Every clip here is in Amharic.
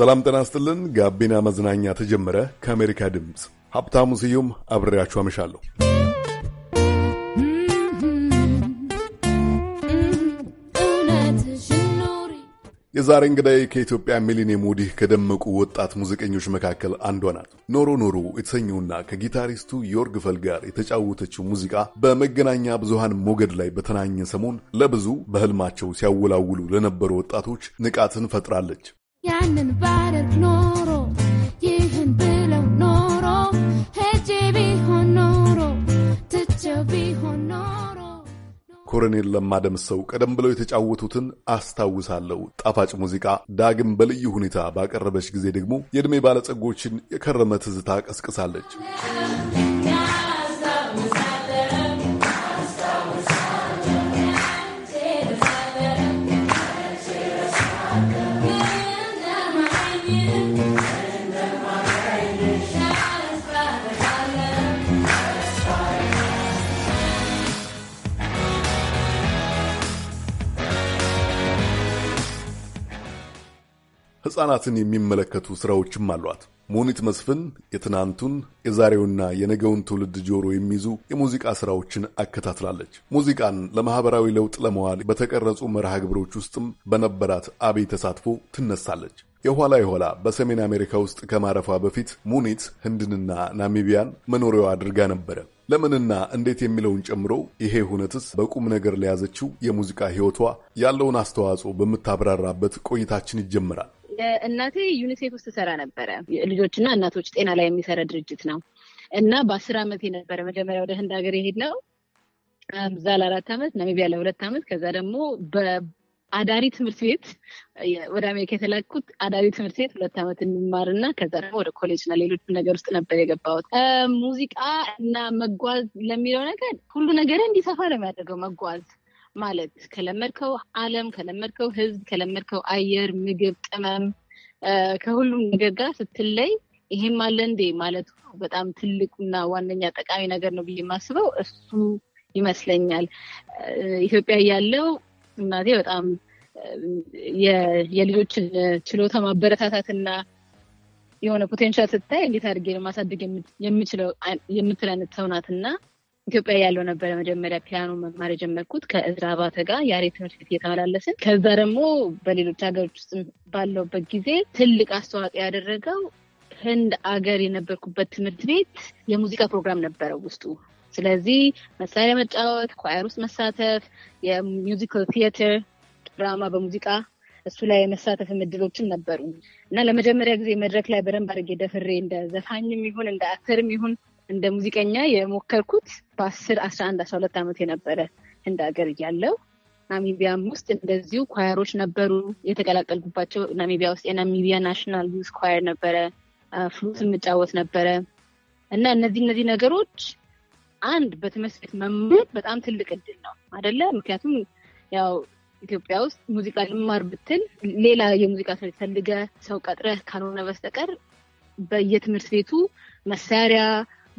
ሰላም ጤና ይስጥልን። ጋቢና መዝናኛ ተጀመረ። ከአሜሪካ ድምፅ ሀብታሙ ስዩም አብሬያችሁ አመሻለሁ። የዛሬ እንግዳይ ከኢትዮጵያ ሚሊኒየም ወዲህ ከደመቁ ወጣት ሙዚቀኞች መካከል አንዷ ናት። ኖሮ ኖሮ የተሰኘውና ከጊታሪስቱ ዮርግ ፈል ጋር የተጫወተችው ሙዚቃ በመገናኛ ብዙሃን ሞገድ ላይ በተናኘ ሰሞን ለብዙ በህልማቸው ሲያወላውሉ ለነበሩ ወጣቶች ንቃትን ፈጥራለች። ያንን ባደርግ ኖሮ ይህን ብለው ኖሮ ሄጄ ቢሆን ኖሮ ትቼው ቢሆን ኖሮ ኮሎኔል ቀደም ብለው የተጫወቱትን አስታውሳለሁ። ጣፋጭ ሙዚቃ ዳግም በልዩ ሁኔታ ባቀረበች ጊዜ ደግሞ የዕድሜ ባለጸጎችን የከረመ ትዝታ ቀስቅሳለች። ሕፃናትን የሚመለከቱ ሥራዎችም አሏት። ሙኒት መስፍን የትናንቱን የዛሬውና የነገውን ትውልድ ጆሮ የሚይዙ የሙዚቃ ሥራዎችን አከታትላለች። ሙዚቃን ለማህበራዊ ለውጥ ለመዋል በተቀረጹ መርሃ ግብሮች ውስጥም በነበራት አብይ ተሳትፎ ትነሳለች። የኋላ የኋላ በሰሜን አሜሪካ ውስጥ ከማረፏ በፊት ሙኒት ህንድንና ናሚቢያን መኖሪያዋ አድርጋ ነበረ። ለምንና እንዴት የሚለውን ጨምሮ ይሄ ሁነትስ በቁም ነገር ለያዘችው የሙዚቃ ሕይወቷ ያለውን አስተዋጽኦ በምታብራራበት ቆይታችን ይጀምራል። እናቴ ዩኒሴፍ ውስጥ ትሰራ ነበረ። ልጆችና እናቶች ጤና ላይ የሚሰራ ድርጅት ነው እና በአስር ዓመት ነበረ መጀመሪያ ወደ ህንድ ሀገር የሄድ ነው። እዛ ለአራት ዓመት ናሚቢያ ለሁለት ዓመት ከዛ ደግሞ አዳሪ ትምህርት ቤት ወደ አሜሪካ የተላኩት አዳሪ ትምህርት ቤት ሁለት ዓመት እንማር እና ከዛ ደግሞ ወደ ኮሌጅ እና ሌሎች ነገር ውስጥ ነበር የገባሁት። ሙዚቃ እና መጓዝ ለሚለው ነገር ሁሉ ነገር እንዲሰፋ ነው የሚያደርገው መጓዝ ማለት ከለመድከው ዓለም ከለመድከው ሕዝብ ከለመድከው አየር፣ ምግብ፣ ቅመም ከሁሉም ነገር ጋር ስትለይ ይሄም አለ እንዴ ማለት በጣም ትልቁና ዋነኛ ጠቃሚ ነገር ነው ብዬ የማስበው እሱ ይመስለኛል። ኢትዮጵያ ያለው እናቴ በጣም የልጆችን ችሎታ ማበረታታትና የሆነ ፖቴንሻል ስታይ እንዴት አድርጌ ማሳደግ የምችለው የምትል አይነት ሰው ናት እና ኢትዮጵያ ያለው ነበረ መጀመሪያ ፒያኖ መማር የጀመርኩት ከእዝራ አባተ ጋር ያሬ ትምህርት ቤት እየተመላለስን። ከዛ ደግሞ በሌሎች ሀገሮች ውስጥ ባለውበት ጊዜ ትልቅ አስተዋጽኦ ያደረገው ህንድ አገር የነበርኩበት ትምህርት ቤት የሙዚቃ ፕሮግራም ነበረ ውስጡ። ስለዚህ መሳሪያ መጫወት፣ ኳየር ውስጥ መሳተፍ፣ የሚውዚካል ቲያትር፣ ድራማ በሙዚቃ እሱ ላይ የመሳተፍ እድሎችን ነበሩ እና ለመጀመሪያ ጊዜ መድረክ ላይ በደንብ አድርጌ ደፍሬ እንደ ዘፋኝም ይሁን እንደ አክተርም ይሁን እንደ ሙዚቀኛ የሞከርኩት በአስር አስራ አንድ አስራ ሁለት ዓመት የነበረ ህንድ ሀገር እያለው ናሚቢያም ውስጥ እንደዚሁ ኳየሮች ነበሩ የተቀላቀልኩባቸው። ናሚቢያ ውስጥ የናሚቢያ ናሽናል ዩዝ ኳየር ነበረ፣ ፍሉት የምጫወት ነበረ እና እነዚህ እነዚህ ነገሮች አንድ በትምህርት ቤት መማር በጣም ትልቅ እድል ነው አደለ? ምክንያቱም ያው ኢትዮጵያ ውስጥ ሙዚቃ ልማር ብትል ሌላ የሙዚቃ ስ ፈልገ ሰው ቀጥረህ ካልሆነ በስተቀር በየትምህርት ቤቱ መሳሪያ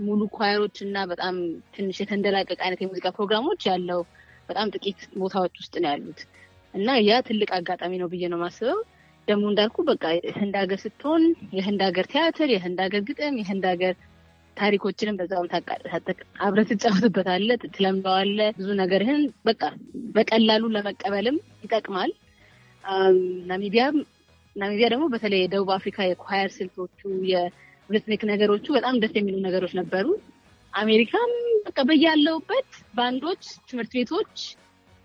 ሙሉ ኳየሮች እና በጣም ትንሽ የተንደላቀቀ አይነት የሙዚቃ ፕሮግራሞች ያለው በጣም ጥቂት ቦታዎች ውስጥ ነው ያሉት እና ያ ትልቅ አጋጣሚ ነው ብዬ ነው ማስበው። ደግሞ እንዳልኩ በቃ ህንድ ሀገር ስትሆን የህንድ ሀገር ቲያትር፣ የህንድ ሀገር ግጥም፣ የህንድ ሀገር ታሪኮችንም በዛም አብረህ ትጫወትበታለህ፣ ትለምደዋለህ። ብዙ ነገርህን በቃ በቀላሉ ለመቀበልም ይጠቅማል። ናሚቢያ ናሚቢያ ደግሞ በተለይ የደቡብ አፍሪካ የኳየር ስልቶቹ እውነት ነገሮቹ በጣም ደስ የሚሉ ነገሮች ነበሩ። አሜሪካም በቃ በያለውበት ባንዶች፣ ትምህርት ቤቶች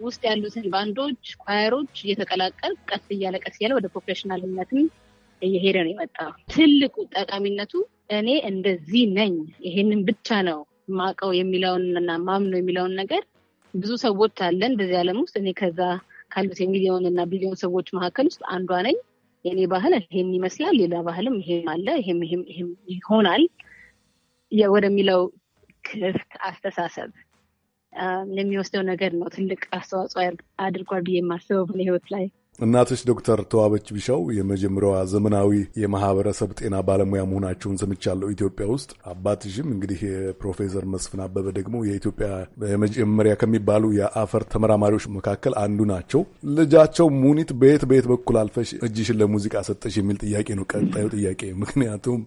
ውስጥ ያሉትን ባንዶች፣ ኳየሮች እየተቀላቀል ቀስ እያለ ቀስ እያለ ወደ ፕሮፌሽናልነትም እየሄደ ነው የመጣ። ትልቁ ጠቃሚነቱ እኔ እንደዚህ ነኝ ይሄንን ብቻ ነው ማቀው የሚለውን እና ማምነው የሚለውን ነገር ብዙ ሰዎች አለን በዚህ ዓለም ውስጥ እኔ ከዛ ካሉት የሚሊዮን እና ቢሊዮን ሰዎች መካከል ውስጥ አንዷ ነኝ። የኔ ባህል ይሄም ይመስላል፣ ሌላ ባህልም ይሄም አለ፣ ይሄም ይሄም ይሆናል ወደሚለው ክፍት አስተሳሰብ የሚወስደው ነገር ነው ትልቅ አስተዋጽኦ አድርጓል ብዬ የማስበው በህይወት ላይ እናቶች ዶክተር ተዋበች ቢሻው የመጀመሪያዋ ዘመናዊ የማህበረሰብ ጤና ባለሙያ መሆናቸውን ሰምቻለሁ ኢትዮጵያ ውስጥ። አባትሽም እንግዲህ ፕሮፌሰር መስፍን አበበ ደግሞ የኢትዮጵያ የመጀመሪያ ከሚባሉ የአፈር ተመራማሪዎች መካከል አንዱ ናቸው። ልጃቸው ሙኒት በየት በየት በኩል አልፈሽ እጅሽን ለሙዚቃ ሰጠሽ የሚል ጥያቄ ነው ቀጣዩ ጥያቄ። ምክንያቱም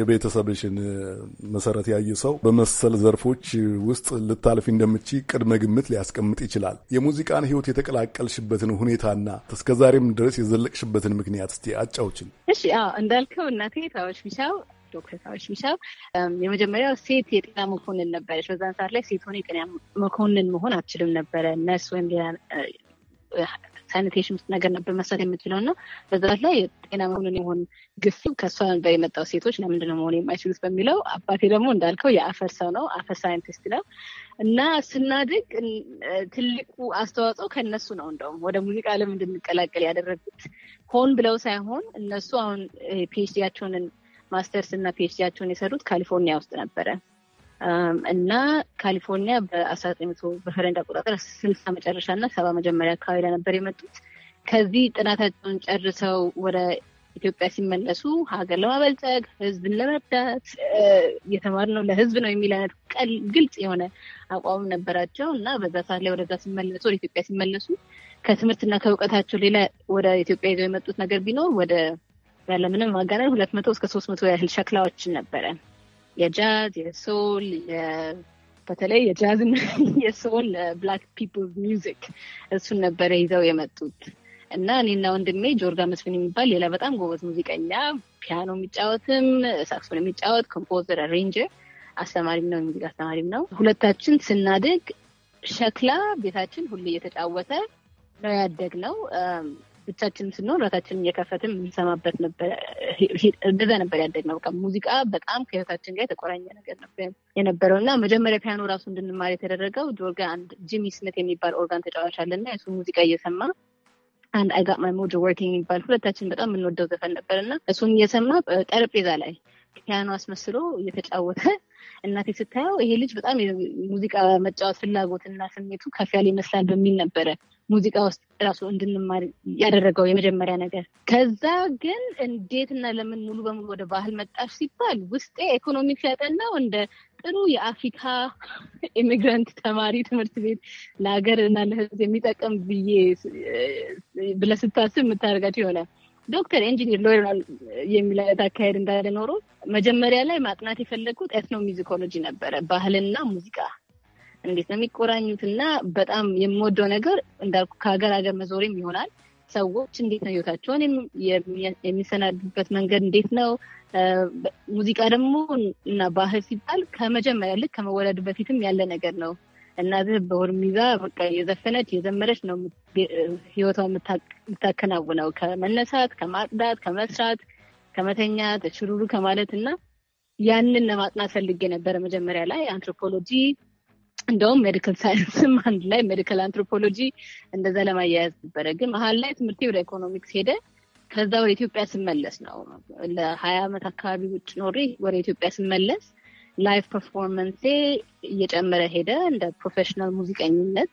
የቤተሰብሽን መሰረት ያየ ሰው በመሰል ዘርፎች ውስጥ ልታልፊ እንደምች ቅድመ ግምት ሊያስቀምጥ ይችላል። የሙዚቃን ህይወት የተቀላቀልሽበትን ሁኔታና እስከ ዛሬም ድረስ የዘለቅሽበትን ምክንያት እስቲ አጫውችን። እሺ፣ እንዳልከው እናቴ ታዎች ቢሻው ዶክተር ታዎች ቢሻው የመጀመሪያው ሴት የጤና መኮንን ነበረች። በዛን ሰዓት ላይ ሴት ሆነ የጤና መኮንን መሆን አትችልም ነበረ። ነርስ ወይም ሌላ ሳኒቴሽን ውስጥ ነገር ነበር መሳት የምትችለው እና በዛት ላይ ጤና መሆኑን የሆን ግፍ ከእሷ ነበር የመጣው። ሴቶች ለምንድነው መሆን የማይችሉት በሚለው አባቴ ደግሞ እንዳልከው የአፈር ሰው ነው፣ አፈር ሳይንቲስት ነው እና ስናድግ ትልቁ አስተዋጽኦ ከእነሱ ነው። እንደውም ወደ ሙዚቃ ዓለም እንድንቀላቀል ያደረጉት ሆን ብለው ሳይሆን እነሱ አሁን ፒኤችዲያቸውን ማስተርስ እና ፒኤችዲያቸውን የሰሩት ካሊፎርኒያ ውስጥ ነበረ እና ካሊፎርኒያ በአስራ ዘጠኝ መቶ በፈረንድ አቆጣጠር ስልሳ መጨረሻ እና ሰባ መጀመሪያ አካባቢ ለነበር የመጡት። ከዚህ ጥናታቸውን ጨርሰው ወደ ኢትዮጵያ ሲመለሱ ሀገር ለማበልጸግ ህዝብን ለመርዳት ነው ለህዝብ ነው የሚል አይነት ቀል ግልጽ የሆነ አቋም ነበራቸው እና በዛ ሰዓት ላይ ወደዛ ሲመለሱ ወደ ኢትዮጵያ ሲመለሱ ከትምህርትና ከእውቀታቸው ሌላ ወደ ኢትዮጵያ ይዘው የመጡት ነገር ቢኖር ወደ ያለምንም ማጋነን ሁለት መቶ እስከ ሶስት መቶ ያህል ሸክላዎችን ነበረን የጃዝ የሶል በተለይ የጃዝና የሶል ብላክ ፒፕል ሚውዚክ እሱን ነበረ ይዘው የመጡት እና እኔና ወንድሜ ጆርጋ መስፍን የሚባል ሌላ በጣም ጎበዝ ሙዚቀኛ ፒያኖ የሚጫወትም ሳክሶን የሚጫወት ኮምፖዘር፣ አሬንጀር፣ አስተማሪም ነው የሙዚቃ አስተማሪም ነው። ሁለታችን ስናድግ ሸክላ ቤታችን ሁሌ እየተጫወተ ነው ያደግ ነው። ብቻችንም ስንሆን ራሳችንም እየከፈትም የምንሰማበት ነበር። እንደዛ ነበር ያደግነው። በቃ ሙዚቃ በጣም ከህይወታችን ጋር የተቆራኘ ነገር ነበር የነበረው እና መጀመሪያ ፒያኖ ራሱ እንድንማር የተደረገው ጆርጋ አንድ ጂሚ ስነት የሚባል ኦርጋን ተጫዋች አለና የሱ ሙዚቃ እየሰማ አንድ አይጋት ማይ ሞጆ ወርኪንግ የሚባል ሁለታችን በጣም የምንወደው ዘፈን ነበር እና እሱን እየሰማ ጠረጴዛ ላይ ፒያኖ አስመስሎ እየተጫወተ እናቴ ስታየው ይሄ ልጅ በጣም ሙዚቃ መጫወት እና ስሜቱ ከፍ ያለ ይመስላል በሚል ነበረ ሙዚቃ ውስጥ ራሱ እንድንማር ያደረገው የመጀመሪያ ነገር። ከዛ ግን እንዴት እና ለምን ሙሉ በሙሉ ወደ ባህል መጣሽ ሲባል ውስጤ ኢኮኖሚክስ ያጠናው እንደ ጥሩ የአፍሪካ ኢሚግራንት ተማሪ ትምህርት ቤት ለሀገር እና ለሕዝብ የሚጠቅም ብዬ ብለህ ስታስብ የምታደርጋቸው ይሆናል። ዶክተር ኢንጂኒር ሎየር የሚል አይነት አካሄድ እንዳለ ኖሮ መጀመሪያ ላይ ማጥናት የፈለግኩት ሚዚኮሎጂ ነበረ። ባህልና ሙዚቃ እንዴት ነው የሚቆራኙት? እና በጣም የምወደው ነገር እንዳልኩ ከሀገር ሀገር መዞርም ይሆናል። ሰዎች እንዴት ነው ህይወታቸውን የሚሰናዱበት መንገድ እንዴት ነው? ሙዚቃ ደግሞ እና ባህል ሲባል ከመጀመሪያ ልክ ከመወለድ በፊትም ያለ ነገር ነው። እናትህ በሁርም ይዛ በቃ የዘፈነች የዘመረች ነው ህይወቷ የምታከናውነው። ከመነሳት፣ ከማጽዳት፣ ከመስራት፣ ከመተኛት፣ ሽሩሩ ከማለት እና ያንን ለማጥናት ፈልጌ ነበረ መጀመሪያ ላይ አንትሮፖሎጂ እንደውም ሜዲካል ሳይንስም አንድ ላይ ሜዲካል አንትሮፖሎጂ እንደዛ ለማያያዝ ነበረ። ግን መሀል ላይ ትምህርቴ ወደ ኢኮኖሚክስ ሄደ። ከዛ ወደ ኢትዮጵያ ስመለስ ነው ለሀያ ዓመት አካባቢ ውጭ ኖሬ ወደ ኢትዮጵያ ስመለስ ላይቭ ፐርፎርመንሴ እየጨመረ ሄደ። እንደ ፕሮፌሽናል ሙዚቀኝነት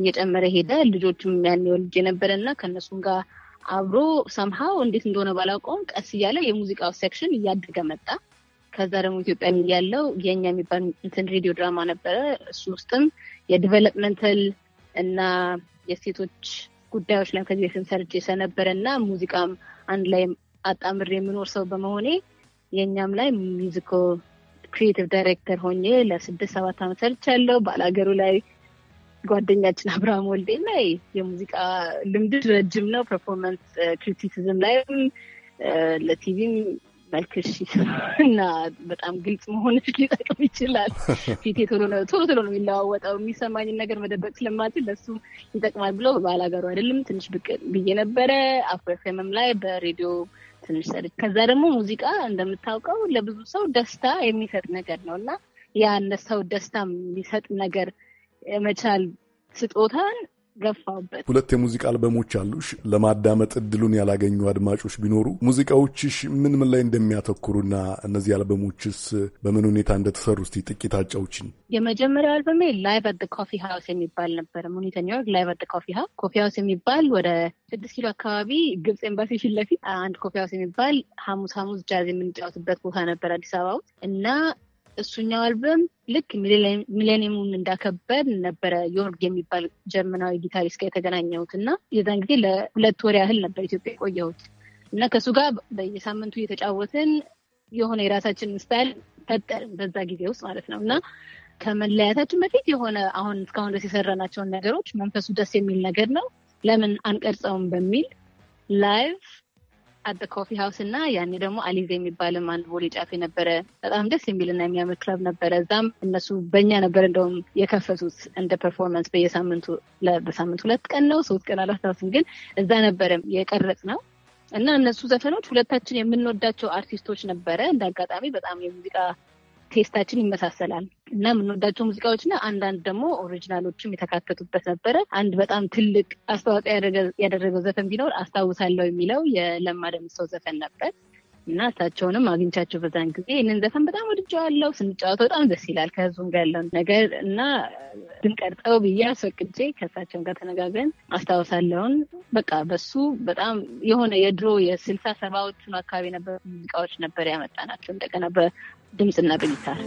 እየጨመረ ሄደ። ልጆችም ያን የወልጅ የነበረ እና ከእነሱም ጋር አብሮ ሰምሃው እንዴት እንደሆነ ባላውቀውም ቀስ እያለ የሙዚቃው ሴክሽን እያደገ መጣ። ከዛ ደግሞ ኢትዮጵያ ያለው የኛ የሚባል እንትን ሬዲዮ ድራማ ነበረ። እሱ ውስጥም የዲቨሎፕመንታል እና የሴቶች ጉዳዮች ላይ ከዚህ በፊት ሰርቼ ስለነበረ እና ሙዚቃም አንድ ላይ አጣምር የምኖር ሰው በመሆኔ የእኛም ላይ ሚዚካል ክሪኤቲቭ ዳይሬክተር ሆኜ ለስድስት ሰባት ዓመት ሰርቻለሁ። ባላገሩ ላይ ጓደኛችን አብርሃም ወልዴ ላይ የሙዚቃ ልምድ ረጅም ነው። ፐርፎርማንስ ክሪቲሲዝም ላይም ለቲቪም መልክሽ እና በጣም ግልጽ መሆንሽ ሊጠቅም ይችላል። ፊቴ ቶሎ ቶሎ ነው የሚለዋወጠው። የሚሰማኝን ነገር መደበቅ ስለማልችል ለሱ ይጠቅማል ብሎ ባላገሩ አይደለም ትንሽ ብቅ ብዬ ነበረ። አፍሮ ኤፍ ኤምም ላይ በሬዲዮ ትንሽ ሰሪ ከዛ ደግሞ ሙዚቃ እንደምታውቀው ለብዙ ሰው ደስታ የሚሰጥ ነገር ነው እና ያን ሰው ደስታ የሚሰጥ ነገር መቻል ስጦታን ገፋውበት። ሁለት የሙዚቃ አልበሞች አሉሽ። ለማዳመጥ እድሉን ያላገኙ አድማጮች ቢኖሩ ሙዚቃዎችሽ ምን ምን ላይ እንደሚያተኩሩና እነዚህ አልበሞችስ በምን ሁኔታ እንደተሰሩ እስቲ ጥቂት አጫውችን። የመጀመሪያው አልበሜ ላይቭ አት ኮፊ ሀውስ የሚባል ነበር። ሙኒተ ኒውዮርክ ላይቭ አት ኮፊ ሀውስ ኮፊ ሀውስ የሚባል ወደ ስድስት ኪሎ አካባቢ ግብፅ ኤምባሲ ፊት ለፊት አንድ ኮፊ ሀውስ የሚባል ሐሙስ ሀሙስ ጃዝ የምንጫወትበት ቦታ ነበር አዲስ አበባ ውስጥ እና እሱኛው አልበም ልክ ሚሌኒየሙን እንዳከበር ነበረ ዮርግ የሚባል ጀርመናዊ ጊታሪስት ጋር የተገናኘሁት እና የዛን ጊዜ ለሁለት ወር ያህል ነበር ኢትዮጵያ የቆየሁት እና ከእሱ ጋር በየሳምንቱ እየተጫወትን የሆነ የራሳችንን ስታይል ፈጠርን በዛ ጊዜ ውስጥ ማለት ነው እና ከመለያታችን በፊት የሆነ አሁን እስካሁን ደስ የሰራናቸውን ነገሮች መንፈሱ ደስ የሚል ነገር ነው ለምን አንቀርጸውም በሚል ላይቭ አደ ኮፊ ሀውስ እና ያኔ ደግሞ አሊዜ የሚባልም አንድ ቦሌ ጫፍ የነበረ በጣም ደስ የሚልና የሚያምር ክለብ ነበረ። እዛም እነሱ በእኛ ነበር እንደውም የከፈቱት እንደ ፐርፎርማንስ በየሳምንቱ በሳምንት ሁለት ቀን ነው ሶስት ቀን አላስታውስም፣ ግን እዛ ነበረም የቀረጽ ነው እና እነሱ ዘፈኖች ሁለታችን የምንወዳቸው አርቲስቶች ነበረ። እንደ አጋጣሚ በጣም የሙዚቃ ቴስታችን ይመሳሰላል እና የምንወዳቸው ሙዚቃዎች አንዳንድ ደግሞ ኦሪጂናሎችም የተካተቱበት ነበረ። አንድ በጣም ትልቅ አስተዋጽኦ ያደረገው ዘፈን ቢኖር አስታውሳለሁ የሚለው የለማ ደምሰው ዘፈን ነበር። እና እሳቸውንም አግኝቻቸው በዛን ጊዜ ይህንን ዘፈን በጣም ወድጀዋለሁ። ስንጫወተው በጣም ደስ ይላል ከህዝቡም ጋር ያለውን ነገር እና ድንቀርጠው ብዬ አስፈቅጄ ከእሳቸውን ጋር ተነጋግረን አስታውሳለሁን። በቃ በሱ በጣም የሆነ የድሮ የስልሳ ሰባዎቹን አካባቢ ነበር ሙዚቃዎች ነበር ናቸው እንደገና በድምፅና በጊታር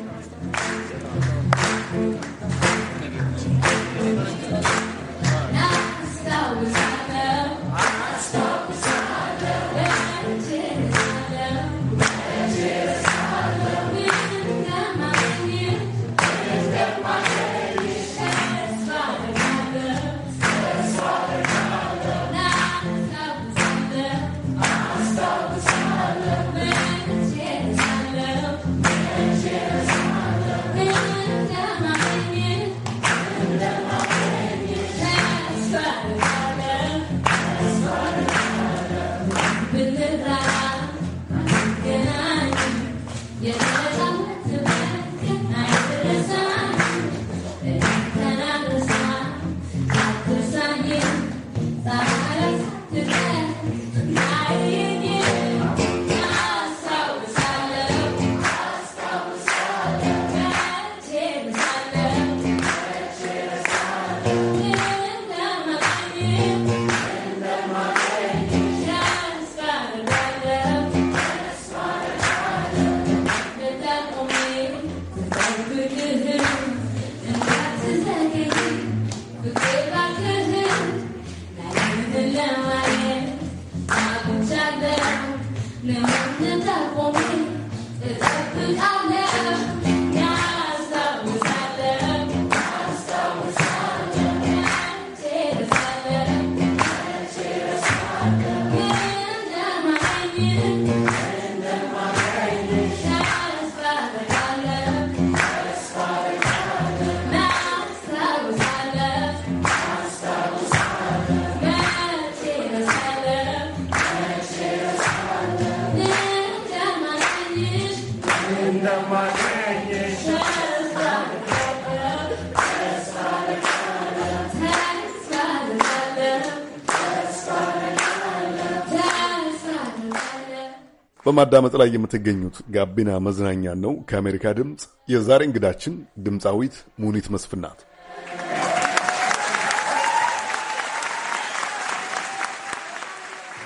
በማዳመጥ ላይ የምትገኙት ጋቢና መዝናኛ ነው ከአሜሪካ ድምፅ። የዛሬ እንግዳችን ድምፃዊት ሙኒት መስፍን ናት።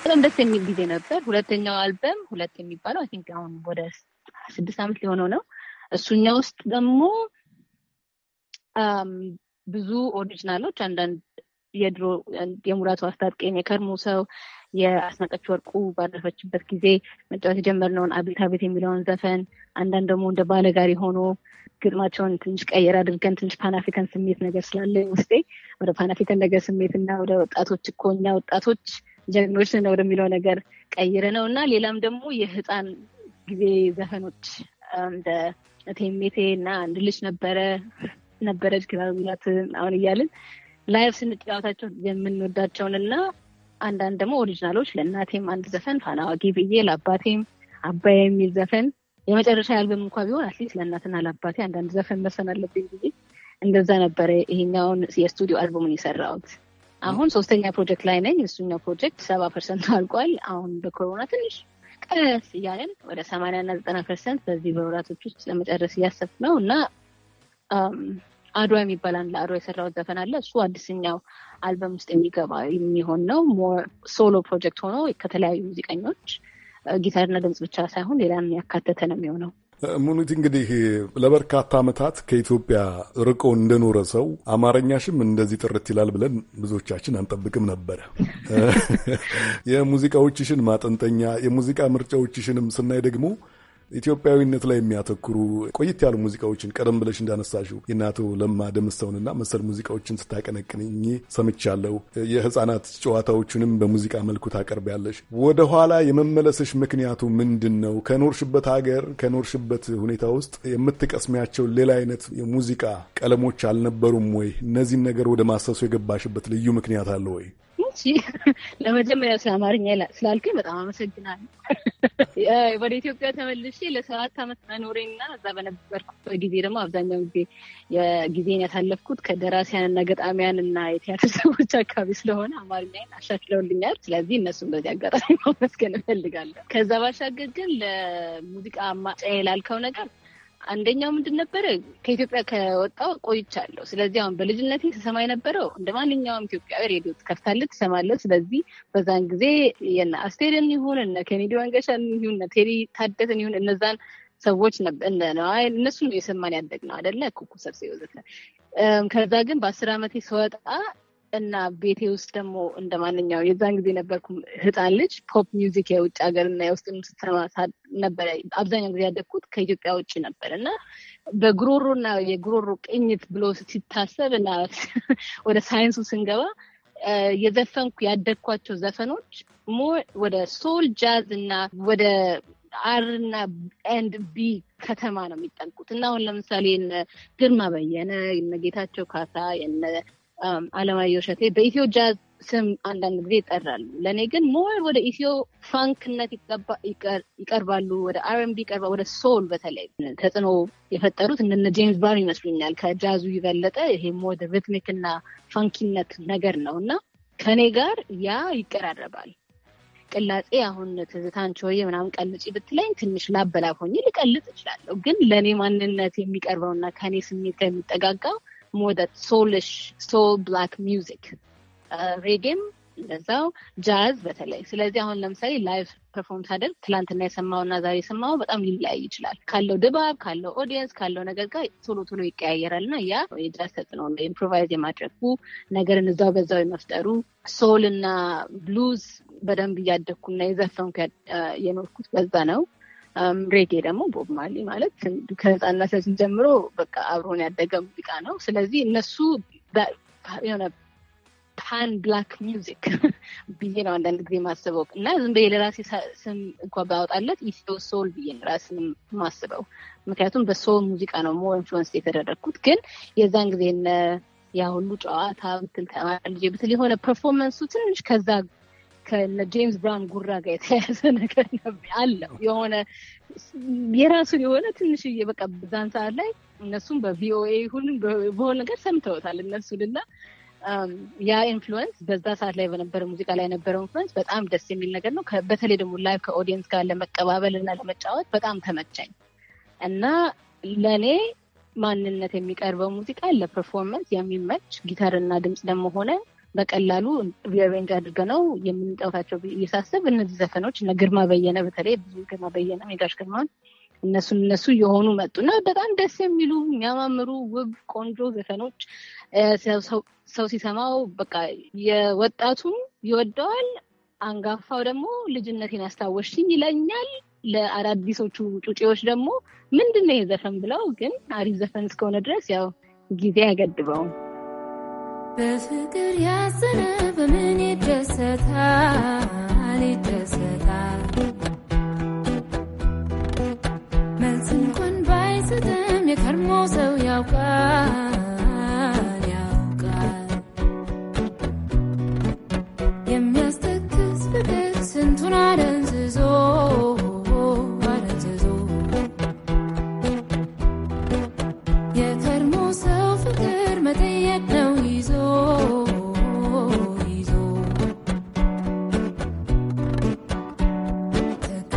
በጣም ደስ የሚል ጊዜ ነበር። ሁለተኛው አልበም ሁለት የሚባለው አይ ቲንክ አሁን ወደ ስድስት ዓመት ሊሆነው ነው። እሱኛ ውስጥ ደግሞ ብዙ ኦሪጂናሎች አንዳንድ የድሮ የሙላቱ አስታጥቄን የከርሙ ሰው የአስናቀች ወርቁ ባረፈችበት ጊዜ መጫወት የጀመርነውን አቤት አቤት የሚለውን ዘፈን አንዳንድ ደግሞ እንደ ባለጋሪ ሆኖ ግጥማቸውን ትንሽ ቀየር አድርገን ትንሽ ፓናፊከን ስሜት ነገር ስላለ ውስጤ ወደ ፓናፊከን ነገር ስሜት እና ወደ ወጣቶች እኮ እኛ ወጣቶች ጀግኖች ነው ወደሚለው ነገር ቀይረ ነው እና ሌላም ደግሞ የህፃን ጊዜ ዘፈኖች እንደ ቴሜቴ እና አንድ ልጅ ነበረ ነበረች ግራሚላት አሁን እያልን ላይቭ ስንጫወታቸው የምንወዳቸውን እና አንዳንድ ደግሞ ኦሪጂናሎች ለእናቴም አንድ ዘፈን ፋናዋጊ ብዬ ለአባቴም አባይ የሚል ዘፈን የመጨረሻ ያልበም እንኳ ቢሆን አትሊስት ለእናትና ለአባቴ አንዳንድ ዘፈን መሰን አለብኝ ብዬ እንደዛ ነበረ ይሄኛውን የስቱዲዮ አልበሙን የሰራሁት። አሁን ሶስተኛ ፕሮጀክት ላይ ነኝ። እሱኛው ፕሮጀክት ሰባ ፐርሰንት አልቋል። አሁን በኮሮና ትንሽ ቀስ እያለን ወደ ሰማንያ እና ዘጠና ፐርሰንት በዚህ በወራቶች ውስጥ ለመጨረስ እያሰብን ነው እና አድዋ የሚባል አንድ ለአድዋ የሰራው ዘፈን አለ። እሱ አዲስኛው አልበም ውስጥ የሚገባ የሚሆን ነው። ሞር ሶሎ ፕሮጀክት ሆኖ ከተለያዩ ሙዚቀኞች ጊታርና ድምፅ ብቻ ሳይሆን ሌላን ያካተተ ነው የሚሆነው። ሙኒት እንግዲህ ለበርካታ ዓመታት ከኢትዮጵያ ርቆ እንደኖረ ሰው አማርኛሽም እንደዚህ ጥርት ይላል ብለን ብዙዎቻችን አንጠብቅም ነበረ። የሙዚቃዎችሽን ማጠንጠኛ የሙዚቃ ምርጫዎችሽንም ስናይ ደግሞ ኢትዮጵያዊነት ላይ የሚያተኩሩ ቆየት ያሉ ሙዚቃዎችን ቀደም ብለሽ እንዳነሳሽው የእናቶ ለማ ደምሰውንና መሰል ሙዚቃዎችን ስታቀነቅንኝ ሰምቻለሁ። የህፃናት ጨዋታዎቹንም በሙዚቃ መልኩ ታቀርቢያለሽ። ወደኋላ የመመለስሽ ምክንያቱ ምንድን ነው? ከኖርሽበት ሀገር ከኖርሽበት ሁኔታ ውስጥ የምትቀስሚያቸው ሌላ አይነት የሙዚቃ ቀለሞች አልነበሩም ወይ? እነዚህን ነገር ወደ ማሰሱ የገባሽበት ልዩ ምክንያት አለ ወይ? አንቺ ለመጀመሪያ ስለ አማርኛ ስላልኩኝ በጣም አመሰግናለሁ። ወደ ኢትዮጵያ ተመልሼ ለሰባት ዓመት መኖሬና እዛ በነበርኩበት ጊዜ ደግሞ አብዛኛው ጊዜ የጊዜን ያሳለፍኩት ገጣሚያን ገጣሚያንና የቲያትር ሰዎች አካባቢ ስለሆነ አማርኛ አሻሽለውልኛል። ስለዚህ እነሱም በዚህ አጋጣሚ ማመስገን እፈልጋለሁ። ከዛ ባሻገር ግን ለሙዚቃ ማጫ ላልከው ነገር አንደኛው ምንድን ነበረ ከኢትዮጵያ ከወጣው ቆይቻለሁ። ስለዚህ አሁን በልጅነቴ ስሰማ የነበረው እንደ ማንኛውም ኢትዮጵያዊ ሬዲዮ ትከፍታለህ፣ ትሰማለህ። ስለዚህ በዛን ጊዜ የነ አስቴርን ይሁን እነ ኬኔዲ ወንገሻን ይሁን እነ ቴሪ ታደሰን ይሁን እነዛን ሰዎች እነሱ ነው የሰማን ያደግ ነው አደለ ኩኩ ሰብስቤ ወዘተ። ከዛ ግን በአስር ዓመቴ ስወጣ እና ቤቴ ውስጥ ደግሞ እንደ ማንኛው የዛን ጊዜ ነበርኩ ህፃን ልጅ ፖፕ ሚውዚክ የውጭ ሀገር እና የውስጥ ስትሰማ ነበረ። አብዛኛው ጊዜ ያደግኩት ከኢትዮጵያ ውጭ ነበር እና በጉሮሮ እና የጉሮሮ ቅኝት ብሎ ሲታሰብ እና ወደ ሳይንሱ ስንገባ የዘፈንኩ ያደግኳቸው ዘፈኖች ወደ ሶል ጃዝ እና ወደ አር እና ኤንድ ቢ ከተማ ነው የሚጠጉት እና አሁን ለምሳሌ ግርማ በየነ የነ ጌታቸው ካሳ የነ Um, አለማየሁ እሸቴ በኢትዮ ጃዝ ስም አንዳንድ ጊዜ ይጠራሉ። ለእኔ ግን ሞር ወደ ኢትዮ ፋንክነት ይቀርባሉ። ወደ አርንቢ ይቀርባ ወደ ሶል በተለይ ተጽዕኖ የፈጠሩት እነ ጄምስ ባር ይመስሉኛል። ከጃዙ የበለጠ ይሄ ሞር ሪትሚክ እና ፋንኪነት ነገር ነው እና ከእኔ ጋር ያ ይቀራረባል። ቅላጼ አሁን ትዝታን ቾዬ ምናምን ቀልጪ ብትለኝ ትንሽ ላበላ ሆኜ ልቀልጥ እችላለሁ። ግን ለእኔ ማንነት የሚቀርበውና ከእኔ ስሜት ጋር የሚጠጋጋው ሞር ዛት ሶልሽ ሶል ብላክ ሚውዚክ ሬጌም እንደዛው ጃዝ በተለይ ስለዚህ አሁን ለምሳሌ ላይቭ ፐርፎርም ሳደርግ ትላንትና የሰማውና ዛሬ የሰማው በጣም ሊለያይ ይችላል። ካለው ድባብ፣ ካለው ኦዲየንስ፣ ካለው ነገር ጋር ቶሎ ቶሎ ይቀያየራል እና ያ የጃዝ ተጽዕኖ ነው። ኢምፕሮቫይዝ የማድረጉ ነገርን እዛው በዛው የመፍጠሩ ሶል እና ብሉዝ በደንብ እያደግኩና የዘፈንኩ የኖርኩት በዛ ነው። ሬጌ ደግሞ ቦብ ማሊ ማለት ከህፃንነታችን ጀምሮ በቃ አብሮን ያደገ ሙዚቃ ነው። ስለዚህ እነሱ የሆነ ፓን ብላክ ሚውዚክ ብዬ ነው አንዳንድ ጊዜ ማስበው እና ዝም ብዬ ለራሴ ስም እንኳ ባወጣለት ኢትዮ ሶል ብዬ ራስን ማስበው ምክንያቱም በሶል ሙዚቃ ነው ሞር ኢንፍሉንስ የተደረግኩት። ግን የዛን ጊዜ ያ ሁሉ ጨዋታ ብትል ተማሪ ልጄ ብትል የሆነ ፐርፎርመንሱ ትንሽ ከዛ ከጄምስ ብራውን ጉራ ጋር የተያያዘ ነገር አለው። የሆነ የራሱ የሆነ ትንሽዬ በቃ በዛን ሰዓት ላይ እነሱም በቪኦኤ ይሁን በሆነ ነገር ሰምተውታል እነሱን እና ያ ኢንፍሉወንስ በዛ ሰዓት ላይ በነበረ ሙዚቃ ላይ የነበረው ኢንፍሉዌንስ በጣም ደስ የሚል ነገር ነው። በተለይ ደግሞ ላይቭ ከኦዲየንስ ጋር ለመቀባበል እና ለመጫወት በጣም ተመቸኝ እና ለእኔ ማንነት የሚቀርበው ሙዚቃ ለፐርፎርመንስ የሚመች ጊታርና ድምፅ ደግሞ ሆነ በቀላሉ ሪአሬንጅ አድርገ ነው የምንጫወታቸው እየሳስብ እነዚህ ዘፈኖች እነ ግርማ በየነ በተለይ ብዙ ግርማ በየነ ሜጋሽ ግርማን እነሱ እነሱ የሆኑ መጡና በጣም ደስ የሚሉ የሚያማምሩ ውብ ቆንጆ ዘፈኖች ሰው ሲሰማው በቃ የወጣቱም ይወደዋል። አንጋፋው ደግሞ ልጅነቴን አስታወስሽኝ ይለኛል። ለአዳዲሶቹ ጩጪዎች ደግሞ ምንድን ነው የዘፈን ብለው ግን አሪፍ ዘፈን እስከሆነ ድረስ ያው ጊዜ አይገድበውም። በፍቅር ያዘነ በምን ይደሰታል ይደሰታል። መልስ እንኳን ባይሰጥም የከርሞ ሰው ያውቃል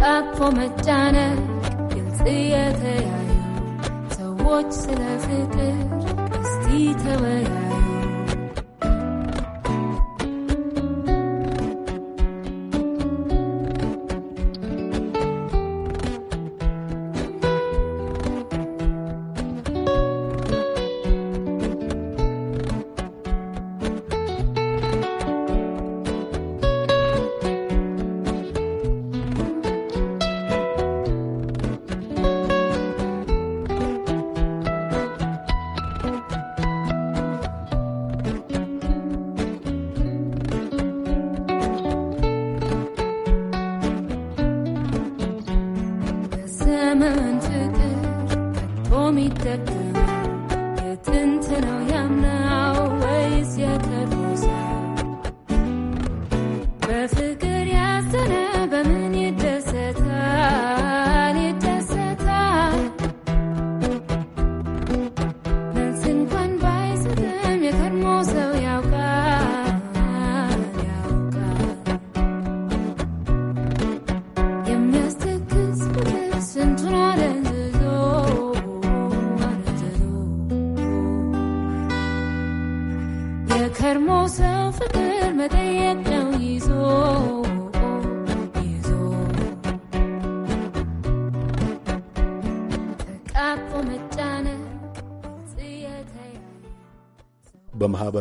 ተቃቅፎ መጨነቅ ግልጽ የተያዩ ሰዎች ስለ ፍቅር እስቲ ተወያዩ። perfect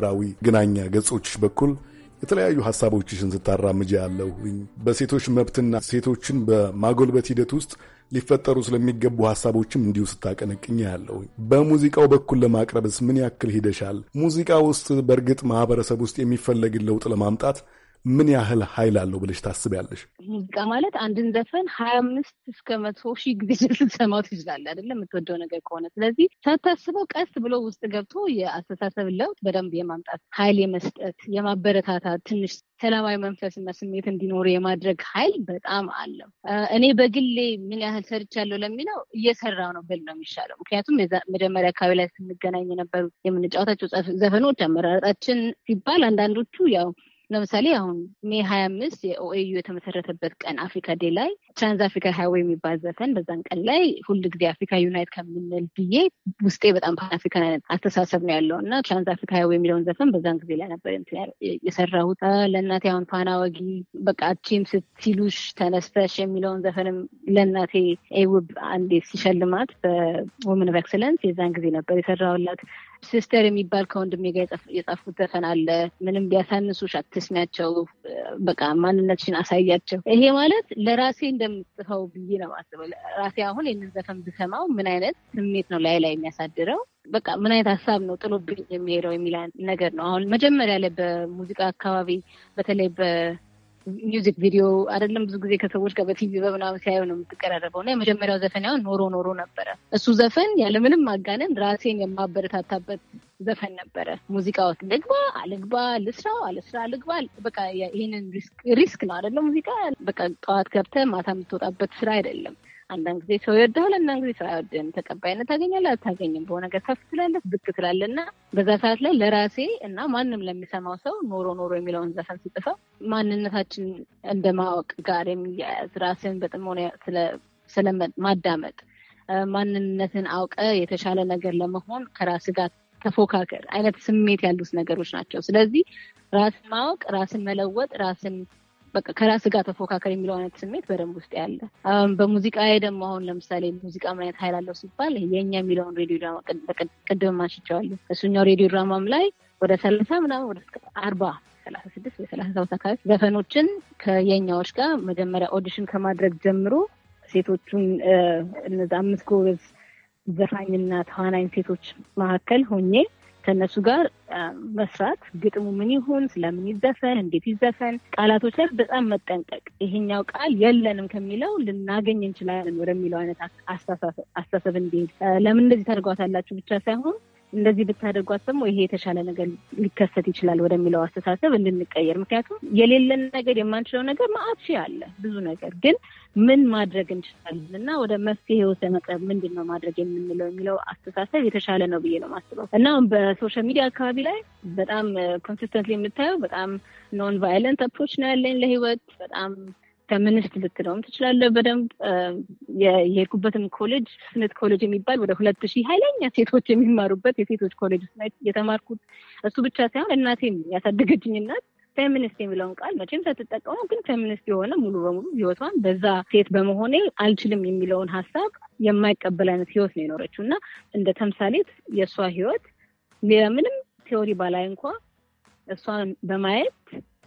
ማህበራዊ ግናኛ ገጾች በኩል የተለያዩ ሀሳቦችሽን ስታራምጃ ያለሁኝ በሴቶች መብትና ሴቶችን በማጎልበት ሂደት ውስጥ ሊፈጠሩ ስለሚገቡ ሀሳቦችም እንዲሁ ስታቀነቅኝ ያለሁኝ። በሙዚቃው በኩል ለማቅረብስ ምን ያክል ሂደሻል? ሙዚቃ ውስጥ በእርግጥ ማህበረሰብ ውስጥ የሚፈለግን ለውጥ ለማምጣት ምን ያህል ኃይል አለው ብለሽ ታስቢያለሽ? ሙዚቃ ማለት አንድን ዘፈን ሀያ አምስት እስከ መቶ ሺህ ጊዜ ልትሰማው ትችላለህ አይደለም፣ የምትወደው ነገር ከሆነ። ስለዚህ ሳታስበው ቀስ ብሎ ውስጥ ገብቶ የአስተሳሰብ ለውጥ በደንብ የማምጣት ኃይል የመስጠት የማበረታታት ትንሽ ሰላማዊ መንፈስና ስሜት እንዲኖሩ የማድረግ ኃይል በጣም አለው። እኔ በግሌ ምን ያህል ሰርቻለሁ ለሚለው እየሰራው ነው ብል ነው የሚሻለው። ምክንያቱም መጀመሪያ አካባቢ ላይ ስንገናኝ የነበሩ የምንጫወታቸው ዘፈኖች አመራረጣችን ሲባል አንዳንዶቹ ያው ለምሳሌ አሁን ሜ ሀያ አምስት የኦኤዩ የተመሰረተበት ቀን አፍሪካ ዴ ላይ ትራንስ አፍሪካ ሃይዌ የሚባል ዘፈን በዛን ቀን ላይ ሁል ጊዜ አፍሪካ ዩናይት ከምንል ብዬ ውስጤ በጣም ፓን አፍሪካን አይነት አስተሳሰብ ነው ያለው እና ትራንስ አፍሪካ ሃይዌ የሚለውን ዘፈን በዛን ጊዜ ላይ ነበር የሰራሁት። ለእናቴ አሁን ፓና ወጊ በቃ አቺም ስትሉሽ ተነስተሽ የሚለውን ዘፈንም ለእናቴ ኤውብ አንዴ ሲሸልማት በወመን ኦፍ ኤክሰለንስ የዛን ጊዜ ነበር የሰራሁላት። ሲስተር የሚባል ከወንድሜ ጋር የጻፉት ዘፈን አለ። ምንም ቢያሳንሱሽ አትስሚያቸው፣ በቃ ማንነትሽን አሳያቸው። ይሄ ማለት ለራሴ እንደምጽፈው ብዬ ነው የማስበው። ራሴ አሁን ይህንን ዘፈን ብሰማው ምን አይነት ስሜት ነው ላይ ላይ የሚያሳድረው፣ በቃ ምን አይነት ሀሳብ ነው ጥሎብኝ የሚሄደው የሚል ነገር ነው። አሁን መጀመሪያ ላይ በሙዚቃ አካባቢ በተለይ በሚውዚክ ቪዲዮ አይደለም ብዙ ጊዜ ከሰዎች ጋር በቲቪ በምናምን ሲያየው ነው የምትቀራረበው እና የመጀመሪያው ዘፈን ያሁን ኖሮ ኖሮ ነበረ። እሱ ዘፈን ያለምንም ማጋነን ራሴን የማበረታታበት ዘፈን ነበረ። ሙዚቃ ውስጥ ልግባ አልግባ፣ ልስራው አልስራ፣ ልግባ በቃ ይህንን ሪስክ ነው አደለ? ሙዚቃ በቃ ጠዋት ገብተህ ማታ የምትወጣበት ስራ አይደለም። አንዳንድ ጊዜ ሰው ይወድሃል፣ አንዳንድ ጊዜ ሰው አይወድህም። ተቀባይነት ታገኛለህ፣ አታገኝም። በሆነ ነገር ከፍ ትላለህ፣ ዝቅ ትላለህ እና በዛ ሰዓት ላይ ለራሴ እና ማንም ለሚሰማው ሰው ኖሮ ኖሮ የሚለውን ዘፈን ስጽፈው ማንነታችን እንደ ማወቅ ጋር የሚያያዝ ራስን በጥሞና ስለማዳመጥ ማንነትን አውቀ የተሻለ ነገር ለመሆን ከራስ ጋር ተፎካከር አይነት ስሜት ያሉት ነገሮች ናቸው። ስለዚህ ራስን ማወቅ፣ ራስን መለወጥ፣ ራስን በቃ ከራስ ጋር ተፎካከር የሚለው አይነት ስሜት በደንብ ውስጥ ያለ በሙዚቃ ደግሞ አሁን ለምሳሌ ሙዚቃ ምን አይነት ኃይል አለው ሲባል የኛ የሚለውን ሬዲዮ ድራማ ቅድም ማሽቸዋለሁ። እሱኛው ሬዲዮ ድራማም ላይ ወደ ሰላሳ ምናምን ወደ አርባ ሰላሳ ስድስት ወይ ሰላሳ ሰባት አካባቢ ዘፈኖችን ከየኛዎች ጋር መጀመሪያ ኦዲሽን ከማድረግ ጀምሮ ሴቶቹን እነዚ አምስት ጎበዝ ዘፋኝና ተዋናኝ ሴቶች መካከል ሆኜ ከእነሱ ጋር መስራት ግጥሙ ምን ይሁን፣ ስለምን ይዘፈን፣ እንዴት ይዘፈን፣ ቃላቶች ላይ በጣም መጠንቀቅ፣ ይሄኛው ቃል የለንም ከሚለው ልናገኝ እንችላለን ወደሚለው አይነት አስተሳሰብ እንዲሄድ ለምን እንደዚህ ታደርጓታላችሁ ብቻ ሳይሆን እንደዚህ ብታደርጓት ደግሞ ይሄ የተሻለ ነገር ሊከሰት ይችላል ወደሚለው አስተሳሰብ እንድንቀየር። ምክንያቱም የሌለን ነገር የማንችለው ነገር መአት አለ ብዙ ነገር ግን ምን ማድረግ እንችላለን እና ወደ መፍትሄ ውስጥ መቅረብ ምንድን ነው ማድረግ የምንለው የሚለው አስተሳሰብ የተሻለ ነው ብዬ ነው ማስበው እና በሶሻል ሚዲያ አካባቢ ላይ በጣም ኮንሲስተንት የምታየው በጣም ኖን ቫይለንት አፕሮች ነው ያለኝ ለህይወት በጣም ፌሚኒስት ልትለውም ትችላለህ። በደንብ የሄድኩበትም ኮሌጅ ስነት ኮሌጅ የሚባል ወደ ሁለት ሺህ ኃይለኛ ሴቶች የሚማሩበት የሴቶች ኮሌጅ ስነት የተማርኩት እሱ ብቻ ሳይሆን እናቴም ያሳደገችኝ እናት ፌሚኒስት የሚለውን ቃል መቼም ስትጠቀመው ግን ፌሚኒስት የሆነ ሙሉ በሙሉ ህይወቷን በዛ ሴት በመሆኔ አልችልም የሚለውን ሀሳብ የማይቀበል አይነት ህይወት ነው የኖረችው እና እንደ ተምሳሌት የእሷ ህይወት ምንም ቴዎሪ ባላይ እንኳ እሷን በማየት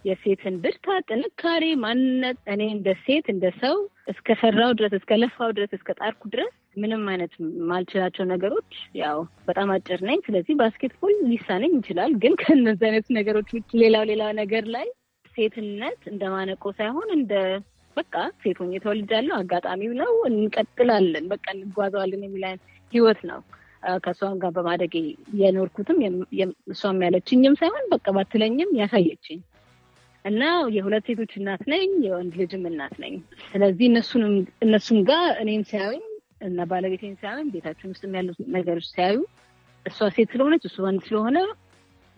የሴትን ብርታ ጥንካሬ፣ ማንነት እኔ እንደ ሴት እንደ ሰው እስከሰራው ድረስ እስከ ለፋው ድረስ እስከ ጣርኩ ድረስ ምንም አይነት ማልችላቸው ነገሮች ያው በጣም አጭር ነኝ። ስለዚህ ባስኬትቦል ሊሳነኝ ይችላል። ግን ከነዚ አይነት ነገሮች ውጭ ሌላው ሌላው ነገር ላይ ሴትነት እንደ ማነቆ ሳይሆን እንደ በቃ ሴት ሆኜ ተወልጃለሁ፣ አጋጣሚው ነው፣ እንቀጥላለን፣ በቃ እንጓዘዋለን የሚል አይነት ህይወት ነው። ከእሷም ጋር በማደግ የኖርኩትም እሷም ያለችኝም ሳይሆን በቃ ባትለኝም ያሳየችኝ እና የሁለት ሴቶች እናት ነኝ፣ የወንድ ልጅም እናት ነኝ። ስለዚህ እነሱም ጋር እኔም ሲያዩኝ እና ባለቤቴን ሲያዩኝ ቤታችን ውስጥ ያሉት ነገሮች ሲያዩ እሷ ሴት ስለሆነች እሱ ወንድ ስለሆነ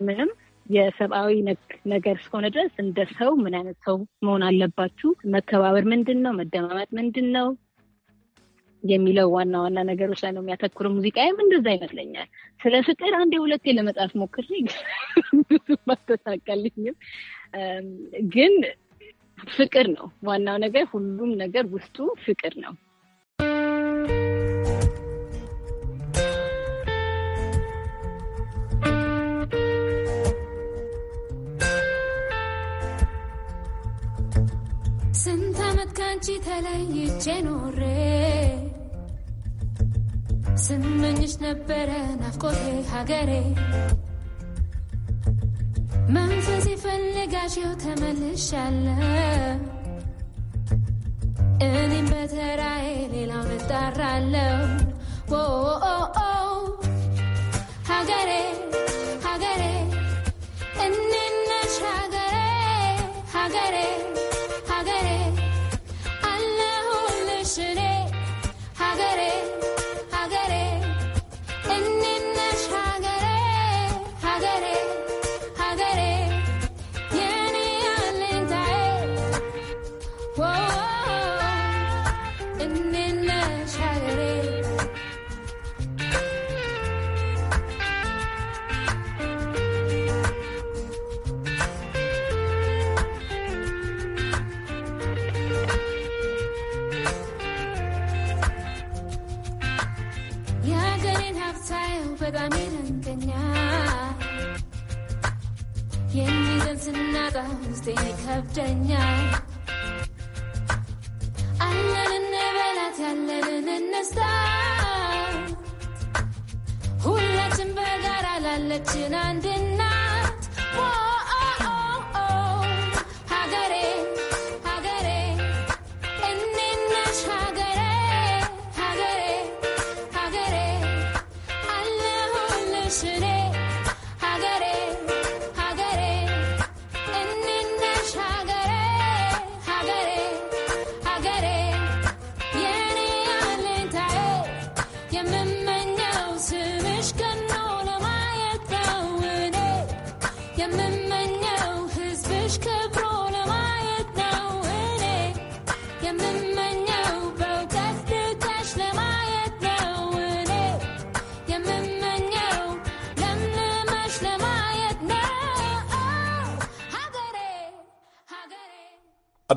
ምንም የሰብአዊ ነገር እስከሆነ ድረስ እንደ ሰው ምን አይነት ሰው መሆን አለባችሁ፣ መከባበር ምንድን ነው፣ መደማመጥ ምንድን ነው የሚለው ዋና ዋና ነገሮች ላይ ነው የሚያተኩረው። ሙዚቃዬም እንደዛ ይመስለኛል። ስለ ፍቅር አንዴ ሁለቴ ለመጽሐፍ ሞክሬ አልተሳካልኝም። ግን ፍቅር ነው ዋናው ነገር። ሁሉም ነገር ውስጡ ፍቅር ነው። ስንት አመት ካንቺ ተለይቼ ኖሬ ስመኝሽ ነበረ ናፍቆቴ ሀገሬ ከነጋሽው ተመልሻለሁ። እኔም በተራዬ ሌላውን እጣራለሁ። ሀገሬ ሀገሬ፣ እኔ ነሽ ሀገሬ ሀገሬ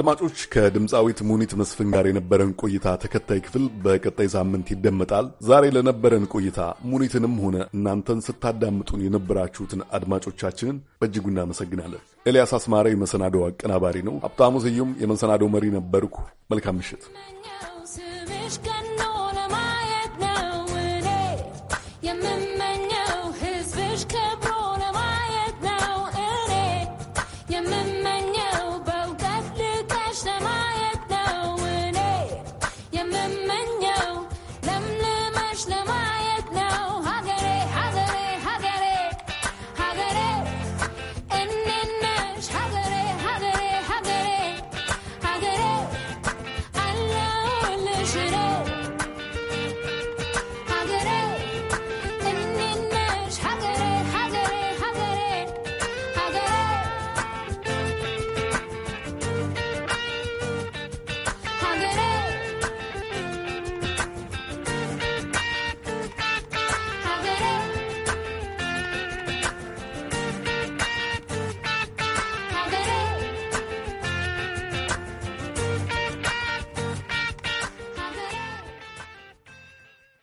አድማጮች ከድምፃዊት ሙኒት መስፍን ጋር የነበረን ቆይታ ተከታይ ክፍል በቀጣይ ሳምንት ይደመጣል። ዛሬ ለነበረን ቆይታ ሙኒትንም ሆነ እናንተን ስታዳምጡን የነበራችሁትን አድማጮቻችንን በእጅጉ እናመሰግናለን። ኤልያስ አስማረ የመሰናዶ አቀናባሪ ነው። ሀብታሙ ስዩም የመሰናዶው መሪ ነበርኩ። መልካም ምሽት።